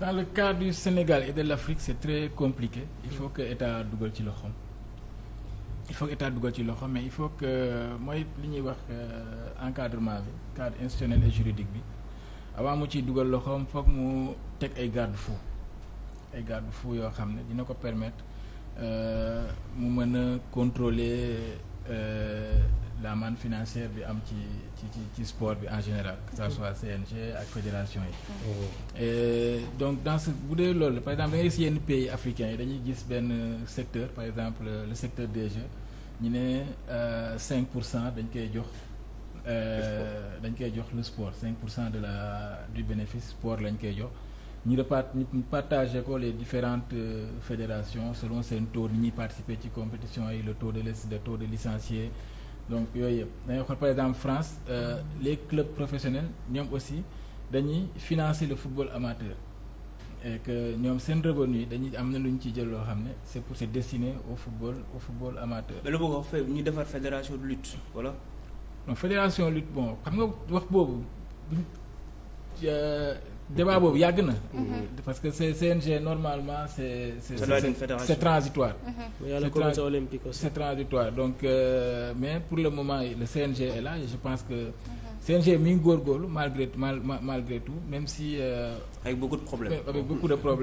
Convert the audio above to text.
dans le cas du Sénégal et de l'Afrique c'est très compliqué il faut que état dugal ci loxoom il faut que état dugal ci loxoom mais il faut que mooy li ñuy wax euh, encadrement bi cadre institutionnel et juridique bi avant mu ciy dugal loxoom foog mu teg ay garde-fous ay garde-fous yoo xam ne dina ko permettre euh, mu mën a contrôler. Euh, la man financière bi am ci ci ci sport bi en général que ça soit CNG ak fédération yi oh. donc dans ce bu dee loolu par exemple da ngay gis yenn pays africains yi dañuy gis benn secteur par exemple le secteur des jeux ñu ne euh, cinq pour cent dañ koy jox euh, dañ koy jox le sport cinq pour cent de la du bénéfice sport lañ koy jox ñu repart ñu partagé ko les différentes euh, fédérations selon seen taux ni ñuy participer ci compétition yi le taux de les le taux de licenciés donc yooyu yëpp dañuy xool par exemple France euh, les clubs professionnels ñoom aussi dañuy financer le football amateur et ñoom seen revenu yi dañuy am na lu ñu ciy jël loo xam ne c'est pour se destiner au football au football amateur. mais lu bëgg defar fédération de lutte voilà. non fédération lutte bon xam nga wax boobu débat boobu yàgg na. Mhm. parce que c'est CNG normalement c'est c'est c'est transitoire. Mhm. c'est trans c'est transitoire donc euh, mais pour le moment le CNG est là je pense que. Mhm. CNG mi ngi góorgóorlu malgré mal malgré tout même si. Euh, avec beaucoup de problèmes